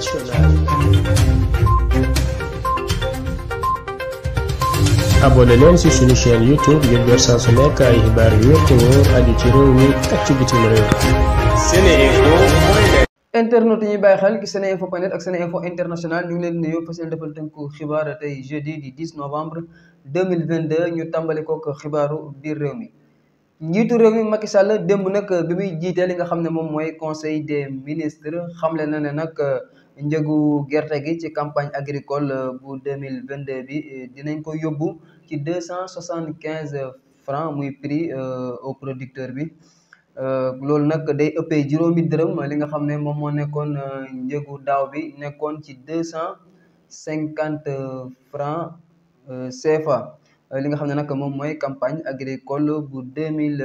internationale. lool si ci suñu youtube ngir saa su nekk xibaar yu wér te wóor ci réew mi ak ci bitim réew. internet yi ñuy bàyyi xel ñu leen di nuyu fas yéene defal tënku xibaar ñu tàmbali kook xibaaru biir réew mi. njiitu réew mi Macky Sall démb nag bi muy jiitee li nga xam ne moom mooy conseil des ministres xamle na ne nag. njëgu gerte gi ci campagne agricole euh, bu deux mille vingt deux bi euh, dinañ ko yóbbu ci deux cent soixante quinze francs muy prix euh, au producteur bi loolu nag day ëppee juróomi dërëm li nga xam ne moom moo nekkoon njëgu daaw bi nekkoon ci deux cent cinquante francs CFA li nga xam ne nag moom mooy campagne agricole bu deux mille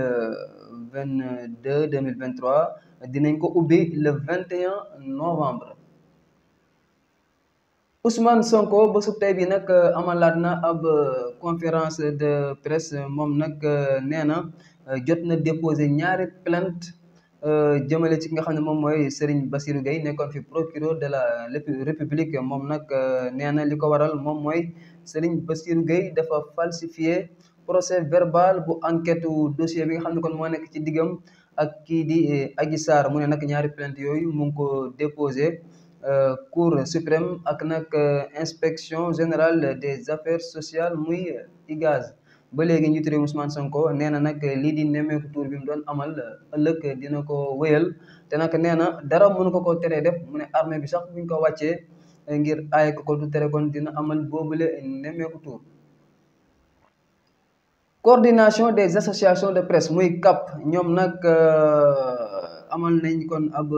vingt deux deux mille vingt trois dinañ ko ubbi le vingt et un novembre. Ousmane Sonko ba sub tey bi nag euh, amalaat na ab euh, conférence de presse moom nag euh, nee na jot na déposé ñaari plainte jëmale ci nga xam ne moom mooy Serigne Bassirou Gueye nekkoon fi procureur de la république moom nag nee na li ko waral moom mooy Serigne Bassirou Gueye dafa falsifié procès verbal bu enquête dossier bi nga xam ne kon moo nekk ci diggam ak kii di Adji Sarr mu ne nag ñaari plainte yooyu mu ngi ko déposé Euh, cour suprême ak nag euh, inspection générale des affaires sociales muy IGAS ba léegi njiitu réew Ousmane Sonko nee na nag lii di nemmeeku tour bi mu doon amal euh, ëllëg dina ko wéyal te nag nee na dara mënu ko koo teree def mu ne armée bi sax buñ ko wàccee ngir aaye ko ko du tere kon dina amal boobule nemmeeku tour coordination des associations de presse muy CAP ñoom nag amal nañ kon ab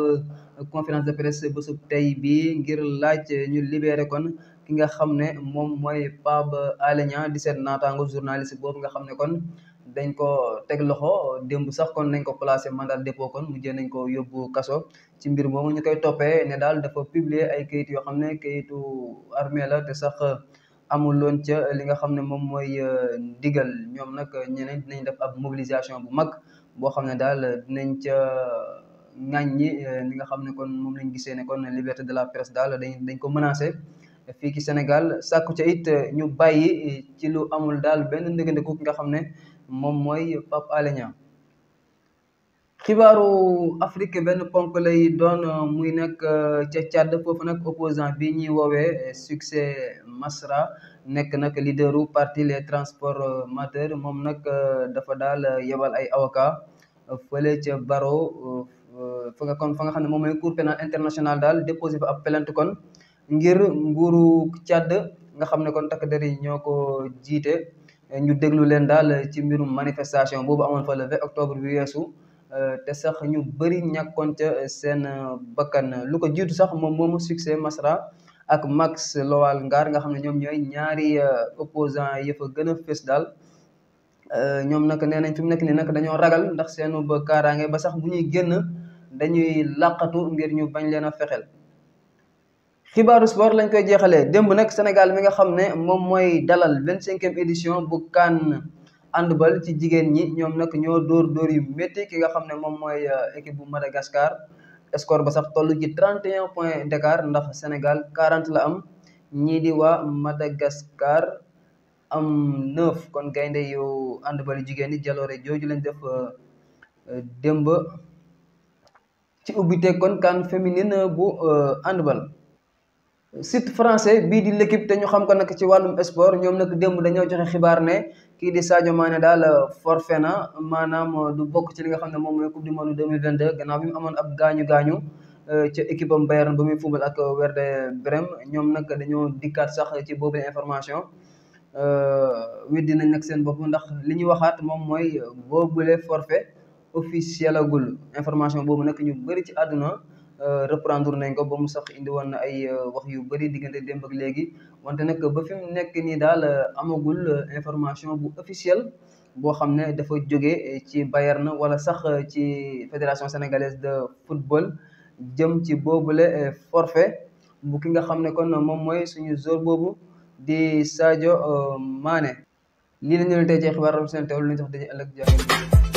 conférence de presse sub tey bii ngir laaj ñu libéré kon ki nga xam ne moom mooy Pape Alé Niang di seen naataango journaliste boobu nga xam ne kon dañ ko teg loxo démb sax kon nañ ko man mandat dépôt kon mujjee nañ ko yóbbu kaso ci mbir moomu ñu koy toppee ne daal dafa publier ay kayit yoo xam ne kayitu armée la te sax amul ca li nga xam ne moom mooy euh, ndigal ñoom nag ñeneen dinañ def ab mobilisation bu mag boo xam ne daal dinañ ca ŋàññi li euh, nga xam ne kon moom lañ gisee ne kon liberté de la presse daal dañ dañ ko menacé fii ci senegal sàkku ca it ñu bàyyi ci lu amul daal benn ndëgëndëgu ki nga xam ne moom mooy Pape Alé xibaaru Afrique benn ponk lay doon euh, muy nag euh, ca Tchad foofu nag opposant bi ñuy woowee succès Masra nekk nag leaderu parti les transformateurs moom nag dafa daal yebal ay avocat fële ca Baro fa nga kon fa nga xam ne moom mooy cour pénal international daal déposé fa ab plainte kon ngir nguuru càdd nga xam ne kon takk der yi ñoo ko jiite ñu déglu leen daal ci mbirum manifestation boobu amoon fa le 20 octobre bi weesu te sax ñu bëri ñàkkoon seen bakkan lu ko jiitu sax moom moomu succès Masra ak Max Lowal Ngaar nga xam ne ñoom ñooy ñaari euh, opposant yi fa gën a fës daal euh, ñoom nag nee nañ nekk nii nag dañoo ragal ndax seenu ba kaaraange ba sax bu ñuy dañuy làqatu ngir ñu bañ leen a fexeel xibaaru sport lañ koy jeexalee démb nag Sénégal mi nga xam ne moom mooy dalal vingt cinquième édition bu CAN handball ci jigéen ñi ñoom nag ñoo dóor dóor yi métti ki nga xam ne moom mooy euh, équipe bu Madagascar score ba sax toll ci 31 point decar ndax Sénégal 40 la am ñii di waa Madagascar am 9 kon gaynde yu handball yu jigéen ñi jaloore jooju lañ def euh, euh, démb ci ubbite kon kan féminine bu euh, handball site francais bii di l'équipe te ñu xam ko nag ci wàllum sport ñoom nag démb dañoo joxe xibaar ne kii di Sadio Mané daal euh, forfait na maanaam euh, du bokk ci li nga xam ne moom mooy coupe du monde 2022 gannaaw bi mu amoon ab gaañu gaañu ci équipe am Bayern ba muy football ak Werder Bremen ñoom nag dañoo dikkaat sax ci boobu information weddi nañ nag seen bopp ndax li ñu waxaat moom mooy boobule forfait officiel agul information boobu nag ñu bëri ci àdduna euh, reprendre nañ ko ba mu sax indi woon na ay euh, wax yu bëri diggante démb ak léegi wante nag ba fi nekk nii daal euh, amagul information bu officiel boo xam ne dafa jóge ci Bayern wala sax ci fédération sénégalaise de football jëm ci boobule forfait bu ki nga xam ne kon moom mooy suñu joueur boobu di Sadio Mané lii la ñu leen tey ci xibaar seen teewlu ñu tax daje ëllëg jàmm